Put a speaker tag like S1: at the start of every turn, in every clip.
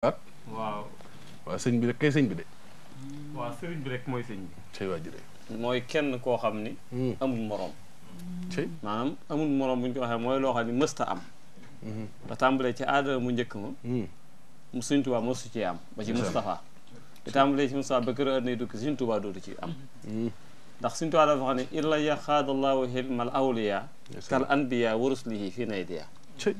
S1: Ah. waaw. waaw sëñ bi rek kay sëñ bi de. bi rek mooy sëñ bi. cey mooy kenn koo xam ni. Hmm. amul morom. cey maanaam amul morom bu ko waxee mooy loo xam ne mësta am. Hmm. ba tàmbalee ci aada mu njëkk ma. Hmm. mu sëñ Tuubaa mësu ci am. ba ci Moustapha. ba tàmbalee ci Moustapha ba kër nay dukk sëñ dootu ci am. ndax sëñ Tuubaa dafa xam ne illa yaxaadallahu xilmal awliya kal anbiya wa rusulihi fi naydiya. cey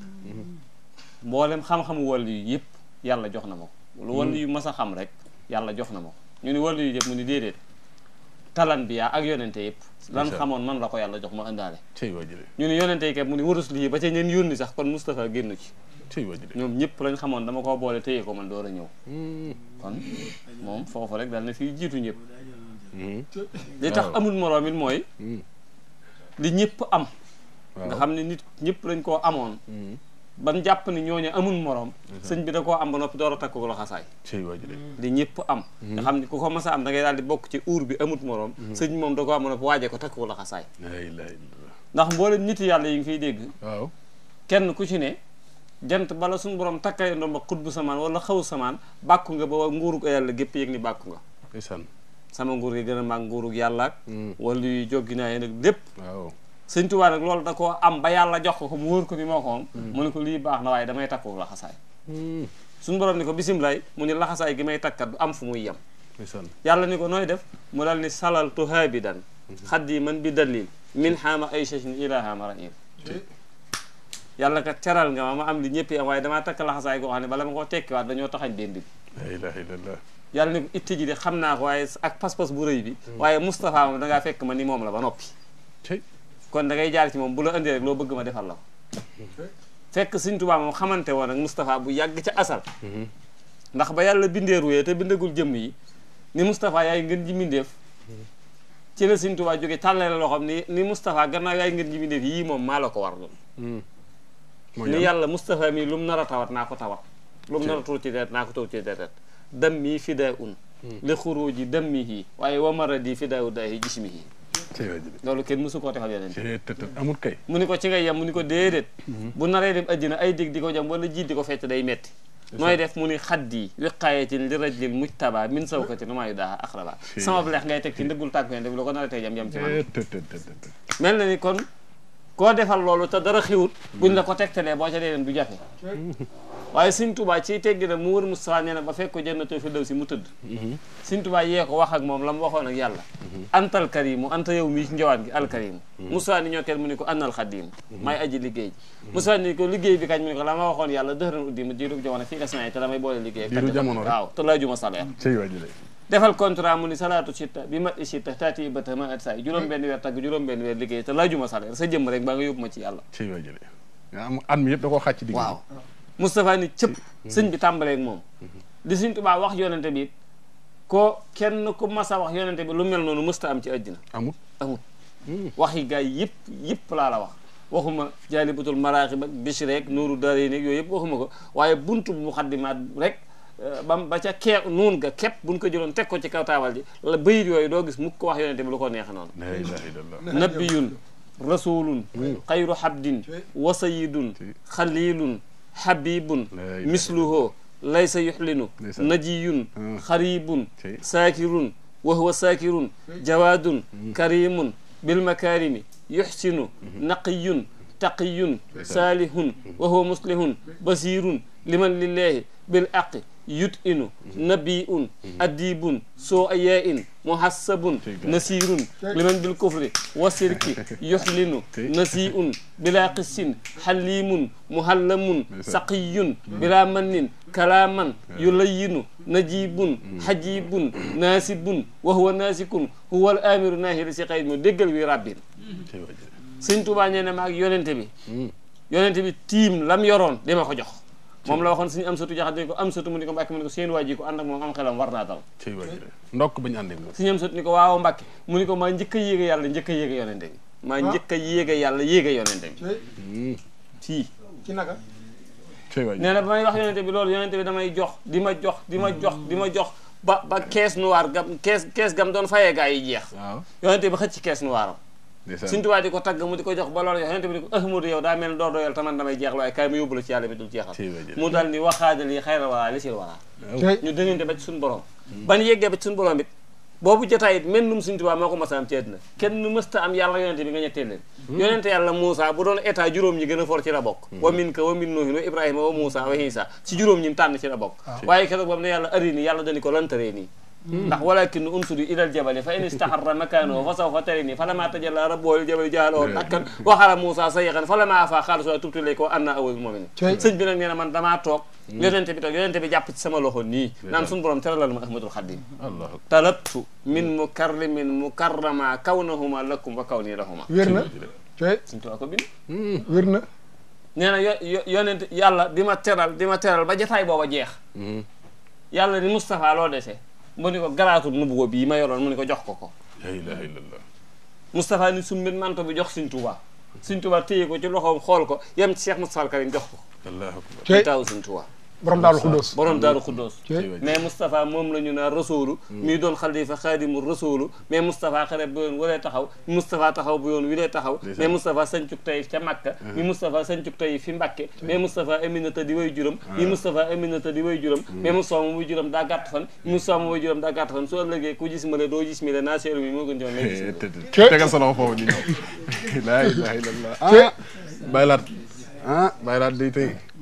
S1: mboolem xam-xamu wàll yi yàlla jox na ma ko lu wàllu yu mas a xam rek yàlla jox na ma ko ñu ni war yu yëpp mu ni déedéet talan bi yaa ak yonente yëpp lan xamoon man la ko yàlla jox ma indaale ñu ni yonente yi kat mu ni warus lii ba ca ñeen yónni sax kon Moustapha génn ci ñoom ñëpp lañ xamoon dama koo boole téye ko man door a ñëw hmm. kon moom foofu rek dal na fii jiitu ñëpp hmm. li tax amul moroom it mooy hmm. li ñëpp am nga xam ne nit ñëpp lañ koo amoon ba japp ni ñoña amul morom mhm. señ bi da ko am ba lo door sey waji de di ñepp am mhm. nga xamni ku ko massa am da ngay di bokk ci uur bi amut morom mhm. señ mom da ko am ba noppi waajee ko takku illallah ndax mboolem nit yalla yi ngi fi deg waaw kenn ku ci ne jant bala suñu borom takkale ndom ak xutbu samaan wala xaw samaan bakku nga ba ko yalla gep yek ni bakku nga sama nguru gi gëna a nguru ak yalla ak wala yu joggi naa waaw sëñ Tuubaa nag loolu da koo am ba yàlla jox ko ko mu wóor ko ni moo ko am mm. ko lii baax na waaye damay takku laxasaay mm. suñu borom ni ko bisimilaay mu ne laxasaay gi may takkat du am fu muy yem yàlla ni ko nooy def mu dal ni salal tuhaabi dan mm-hmm. xaddi man bi dalil min xaama ay sachin ilahaamara in yàlla kat teral nga ma am li ñëpp am waaye damaa takk laxasaay goo xam ne bala ma koo tekkiwaat dañoo taxañ dénd bi yàlla ni ko itti ji de xam naa ko waaye ak pas-pas bu rëy bi mm. waaye Moustapha moom dangaa fekk ma ni moom la ba noppi kon da ngay jaar ci moom bu la indi rek loo bëgg ma defal la ko fekk Sëñ Tuubaa moom xamante woon ak Moustapha bu yàgg ca asal ndax ba yàlla bindee ruwee te bindagul jëmm yi ni Moustapha yaay ngeen ji mbindeef ci la Sëñ Tuubaa jóge tàllale la loxoom ni ni Moustapha gannaaw yaay ngeen ji mbindeef yii moom maa la ko war loolu ni yàlla Moustapha mii lu mu nar tawat naa ko tawat lu mu nar a tuur ci deret naa ko tuur ci deret dam mii fidaa un hmm. li xuruuji dammihi waaye wamaradi fidaa u loolu kenn mësu koo defal yeneen amul mu ni ko ci ngay yem mu ni ko déedéet mhm. bu naree dem àddina ay dig di ko jam wala jiit di ko fecc day metti nooy def mu ni xaddi wiqaayatin li rajlil mujtaba min sawkati nu maayu daaha axraba sama bu leex ngay teg ci ndëggul tàgg fen def la ko naree tey jam jam ci man eh, mel na ni kon koo defal loolu te dara xiwut buñ la ko tegtalee boo ca dee dem du jafe mhm. waaye Sëñ Tuubaa ci teggi na mu wër Mustafaa nee na ba fekk ko na fi daw si mu tëdd mhm. Sëñ Tuubaa yee ko wax ak moom la mu waxoon ak yàlla antal karimu anta yow mii ci njawaat gi alkarimu Moussa mm-hmm. ni ñokkeel mu ne ko annal xadiim mm-hmm. maay aji liggéey ji mm-hmm. ni ba ta ma at saay juróom benn da koo xàcc digg waaw Moustapha ni cëpp sëñ bi tàmbalee ak moom di sëñ Tuubaa wax yonente bi ko kenn ku mas a wax yonente bi lu mel noonu mësta am ci àddina amut amut hmm. waxi gaay yëpp yëpp laa la wax waxuma jaalibatul maraaxib ak bish rek nuuru daari neg yooyu yëpp waxuma ko waaye buntu bu muxaddimaat rek eh, bam ba ca kee nuun ga képp buñ ko jëloon teg ci kaw taabal ji la bayit yooyu doo gis mukk ko wax yonente bi lu ko neexe noonu nabiyun rasulun hmm. hmm. xayru xabdin wa sayidun xalilun xabibun misluhoo ليس يحلن نجي آه. خريب ساكر وهو ساكر جواد كريم بالمكارم يحسن نقي تقي صالح وهو مصلح بصير لمن لله بالأق يتئن نبي أديب سوء يائن محسبون نسيرون لمن بالكفر وسرك يحلن نسيء بلا قس حليم مهلم سقي بلا من كلاما يلين نجيب حجيب ناسب وهو ناسك هو الآمر ناهي لسقي دقل ورب سنتو بانينا ماك يوننتبي يوننتبي تيم لم يرون ديما كو جوخ moom la waxoon suñu am satu jaxat ni ko am satu mu ni ko mbàkke mu ni ko seen waa ji ko ànd ak moom am xelam war naa dal ndokk bañu ànd ak moom suñu am satu ni ko waaw mbàkke mu ni ko maa njëkk a yéege yàlla njëkk a yéege yonente bi maa ah. njëkk a yàlla yéege yonente bi sii hmm. ci naka nee na ba may wax yonente bi loolu yonente bi damay jox di ma jox di ma jox di ma jox ba ba nu waar gam kees caisse gam doon fayee gaa yi jeex yonente bi xëcc kees nu am suñ tubaa ko tagg mu di ko jox ba loolu yox yonent bi di ko ahmadu yow daa mel ne doo doyal taman damay jeexlu waaye kaay mu yóbbu la ci yàlla mi dul jeexal mu ba ci suñu borom mm. ban yéggee ba ci suñu borom it boobu jotaay a am ci àddina kenn mësta am yàlla mm. bu doon état juróom ñi gën a for bokk mm. wa min si tànn ci la bokk ah. waaye keroog bam ne yàlla ari nii yàlla dani ko lantaree Hmm. ndax walakin unsuri ilal jabali fa in istaharra makaanahu fa sawfa tarini fa lama tajalla rabbuhu lil jabali ja'alahu dakkan wa xara Muusa sayyiqan fa lama afa qaala soo tubtu ilayka wa anna awwalul hmm. bi nag nee na man damaa toog hmm. yonente bi toog yonente bi jàpp ci sama loxo nii naan suñu borom teralal ma ahmadul xadim talabtu min mukarrimin mukarrama kawnahuma lakum wa kawni lahuma wér na coy suñ tuwaa ko bind wér yo yàlla di ma teral di ma teral ba jataay booba jeex yàlla ni Moustapha loo mu ni ko garaatu nu bugo bii ma yoroon mu ni ko jox ko ko la ilaha illallah Moustapha ni sumbin manto bi jox Sëñ Tuubaa Sëñ Tuubaa téye ko ci loxoom xool ko yem ci Cheikh Moustapha Karim jox ko allahu akbar taaw
S2: borom daal xuddoos borom daaru
S1: xuddoos mais moom la ñu naan rasoolu mii doon xalifa xaadimu rasoolu mais Moustapha xare bu yoon walee taxaw Moustapha taxaw bu yoon wi lee taxaw mais Moustapha sancuk tayif ca Makka uh-huh. mi Moustapha sancuk tayif fi Mbàkke mais Moustapha Aminata di way juram uh-huh. mi Moustapha Aminata di way juram mm. mais Moustapha moom way juram daa gàtt fan Moustapha moom way juram daa gàtt fan su ëllëgee ku gis ma le doo gis mi le naa seeru mi moo gën joon lay gis eh, tegal sa loxo foofu ñu ñëw laa ilaaha illallah ah baylaat ah,